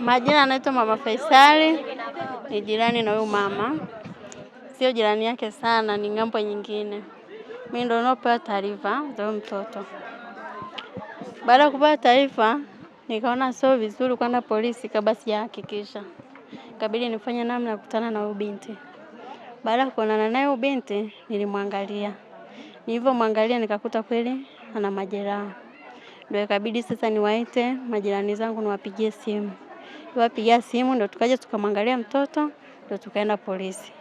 Majina anaitwa Mama Faisali, ni jirani na huyu mama, sio jirani yake sana, ni ng'ambo nyingine. Mimi ndo niliopewa taarifa za huyu mtoto. Baada ya kupata taarifa, nikaona sio vizuri kwenda polisi kabla sijahakikisha, ikabidi nifanye namna ya kukutana na huyu binti. Baada ya kuonana naye huyu binti, nilimwangalia. Nilivyomwangalia nikakuta kweli ana majeraha, ndio ikabidi sasa niwaite majirani zangu niwapigie simu tuwapigia simu ndo tukaja tukamwangalia mtoto ndo tukaenda polisi.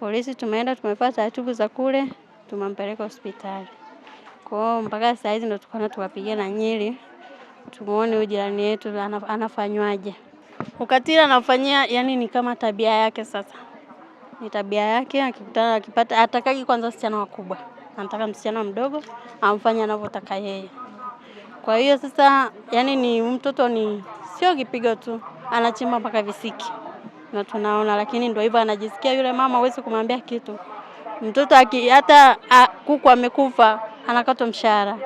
Polisi tumeenda tumepata taratibu za kule, tumampeleka hospitali kwao. Mpaka saa hizi ndo tukaona tuwapigia na Nyili, tumuone huyu jirani yetu anafanywaje. Ukatili anafanyia yani ni kama tabia yake sasa ni tabia yake. Akikutana akipata, atakagi kwanza msichana wakubwa, anataka msichana mdogo amfanye anavyotaka yeye. Kwa hiyo sasa, yani ni mtoto ni sio kipigo tu, anachimba mpaka visiki na tunaona, lakini ndio hivyo, anajisikia yule mama, huwezi kumwambia kitu. Mtoto hata kuku amekufa anakatwa mshahara,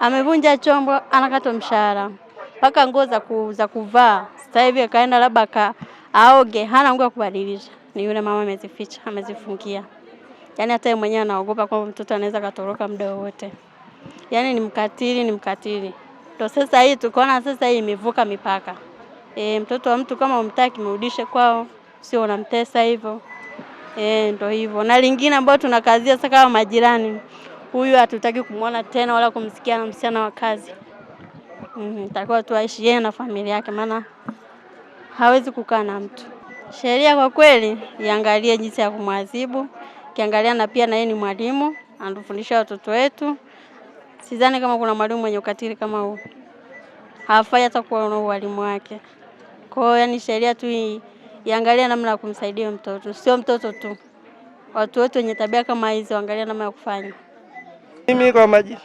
amevunja chombo anakatwa mshahara, mpaka nguo za ku, za kuvaa sasa hivi akaenda labda ka aoge, hana nguo ya kubadilisha, ni yule mama amezificha, amezifungia. Yani hata mwenyewe anaogopa kwamba mtoto anaweza katoroka muda wowote. Yani ni mkatili, ni mkatili. Ndo sasa hii tukaona sasa hii imevuka mipaka e, mtoto wa mtu kama umtaki mrudishe kwao, sio unamtesa hivyo e, ndo hivyo. Na lingine ambayo tunakazia sasa, kama majirani, huyu hatutaki kumwona tena wala kumsikia na msichana wa kazi mm, takiwa tuaishi yeye na familia yake, maana hawezi kukaa na mtu. Sheria kwa kweli iangalie jinsi ya kumwadhibu, kiangalia na pia na yeye ni mwalimu anatufundisha watoto wetu. Sidhani kama kuna mwalimu mwenye ukatili kama huu, hafai hata kuwa na ualimu wake. Kwa hiyo yani, sheria tu hii iangalie namna ya kumsaidia mtoto, sio mtoto tu, watu wote wenye tabia kama hizi waangalie namna ya kufanya. Mimi kwa majina,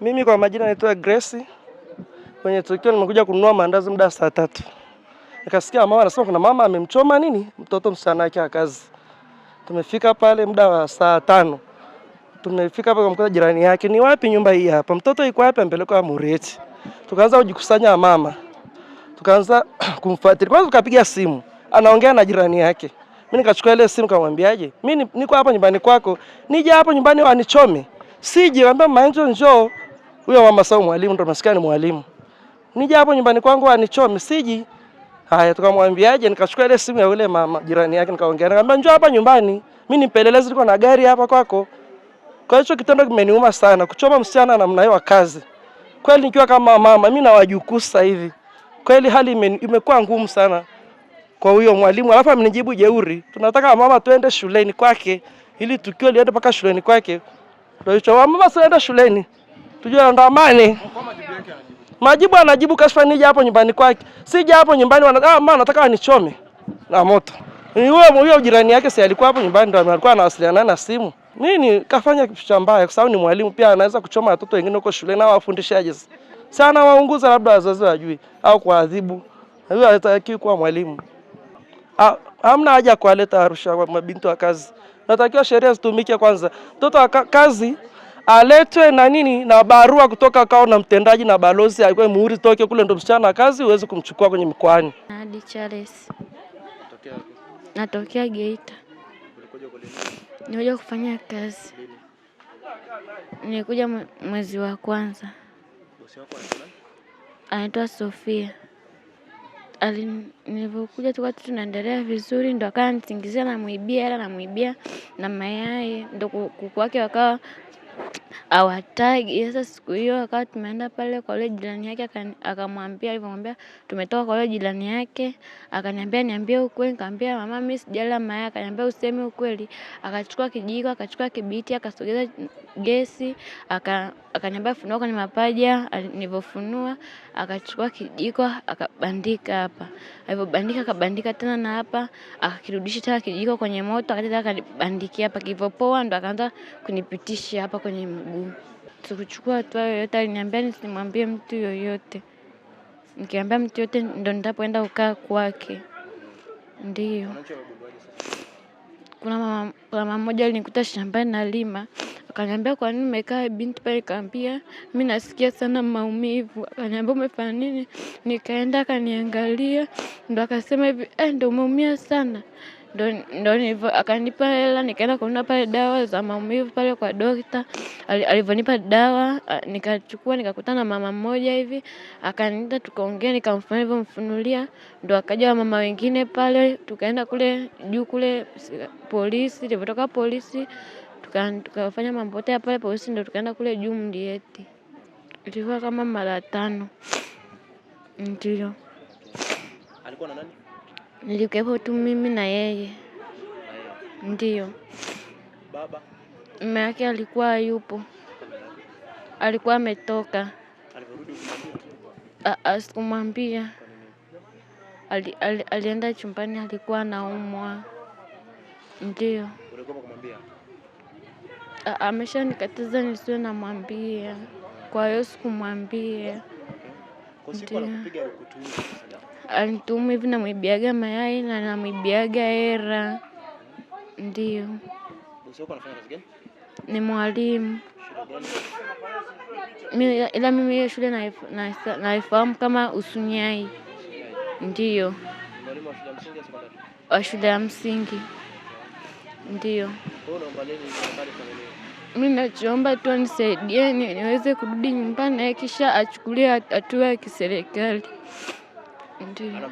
mimi kwa majina naitwa Grace. Kwenye tukio nimekuja kununua maandazi muda saa tatu, nikasikia mama anasema kuna mama amemchoma nini mtoto msichana wake wa kazi. Tumefika pale muda wa saa tano tumefika hapa kumkuta jirani yake, ni wapi nyumba hii hapa, mtoto yuko wapi, ampelekwa Mureti. Tukaanza kujikusanya mama, tukaanza kumfuatilia. Kwanza tukapiga simu, anaongea na jirani yake, mimi nikachukua ile simu, kamwambiaje, mimi niko hapa nyumbani kwako, nije hapo nyumbani wanichome, Siji, waambia mama yangu njoo. Huyo mama sawa mwalimu, ndo maskani mwalimu, nije hapo nyumbani kwangu wanichome, Siji. Haya, tukamwambiaje? Nikachukua ile simu ya yule mama jirani yake, nikaongea, nikamwambia njoo hapa nyumbani. mimi ni mpelelezi, niko na gari hapa kwako. Kwa hicho kitendo kimeniuma sana, kuchoma msichana namna hiyo kazi. Kweli nikiwa kama mama mimi na wajukuu sasa hivi, kweli hali imekuwa ngumu sana kwa huyo mwalimu. Alafu amenijibu jeuri, tunataka mama tuende shuleni kwake ili tukio liende mpaka shuleni kwake. Ndio hicho, mama sienda shuleni tujue andamane. Majibu anajibu kashfa, nije hapo nyumbani kwake, sija hapo nyumbani wana, ah, mama nataka anichome na moto. Ni huyo huyo jirani yake, si alikuwa hapo nyumbani, ndio alikuwa anawasiliana na simu nini kafanya kitu cha mbaya, kwa sababu ni mwalimu pia, anaweza kuchoma watoto wengine huko shule, na wafundishaje sana waunguza, labda wazazi wajui au kuadhibu. Huyo hatakiwi kuwa mwalimu. Hamna haja kuwaleta Arusha mabinti wa kazi, natakiwa sheria zitumike kwanza. Mtoto wa kazi aletwe na nini na barua kutoka kwao na mtendaji na balozi, aikwe muhuri toke kule, ndo msichana wa kazi uweze kumchukua kwenye mkoani. Hadi Charles natokea Geita. Nimekuja kufanya kazi, nilikuja mwezi wa kwanza. Anaitwa Sofia. Nilivyokuja tuka tu tunaendelea vizuri, ndo akawa nisingizia namwibia hela, namwibia na mayai, ndo kuku wake wakawa awatagi Sasa siku hiyo akawa tumeenda pale kwa yule jirani yake, akamwambia alivyomwambia, tumetoka kwa yule jirani yake, akaniambia niambie ukweli. Nikamwambia mama, mimi sijala mayai. Akaniambia useme ukweli. Akachukua kijiko, akachukua kibiti akasogeza gesi, akaniambia funua kwenye mapaja, nilivyofunua akachukua kijiko akabandika hapa, alivyobandika akabandika tena na hapa, akakirudisha tena kijiko kwenye moto, akaja akanibandikia hapa, kilivyopoa ndo akaanza kunipitisha hapa kwenye mguu. Sikuchukua hatua yoyote, aliniambia nisimwambie mtu yoyote, nikiambia mtu yoyote ndo nitapoenda kukaa kwake. Ndio kuna mama mmoja alinikuta shambani nalima Akaniambia kwa nini umekaa binti pale? kaambia mimi nasikia sana maumivu. Akaniambia umefanya nini? Nikaenda akaniangalia, ndo akasema hivi eh, ndo umeumia sana ndo, ndo nilivyo. Akanipa hela nikaenda kununua pale dawa za maumivu pale kwa dokta. alivyonipa dawa nikachukua, nikakutana na mama mmoja hivi akaniita, tukaongea, nikamfunua alivyomfunulia, ndo akaja wa mama wengine pale, tukaenda kule juu kule polisi. Tulivyotoka polisi tukafanya mambo yote pale polisi, ndo tukaenda kule juu Mlieti. Tulikuwa kama mara tano, ndio alikuwa na nani? Nilikuwepo tu mimi na yeye, ndio baba. Mama yake alikuwa yupo alikuwa ametoka. Sikumwambia, ali, ali, alienda chumbani, alikuwa anaumwa, ndio nikatiza nisiwe namwambia, kwa hiyo sikumwambia. Alitumu hivi namwibiaga mayai na namwibiaga hera. Ndio ni mwalimu ila mimi hiyo shule naifahamu kama Usunyai, ndiyo wa shule ya msingi. Ndiyo, mi nachoomba tu nisaidieni niweze kurudi nyumbani, kisha achukulie hatua ya kiserikali. Ndiyo.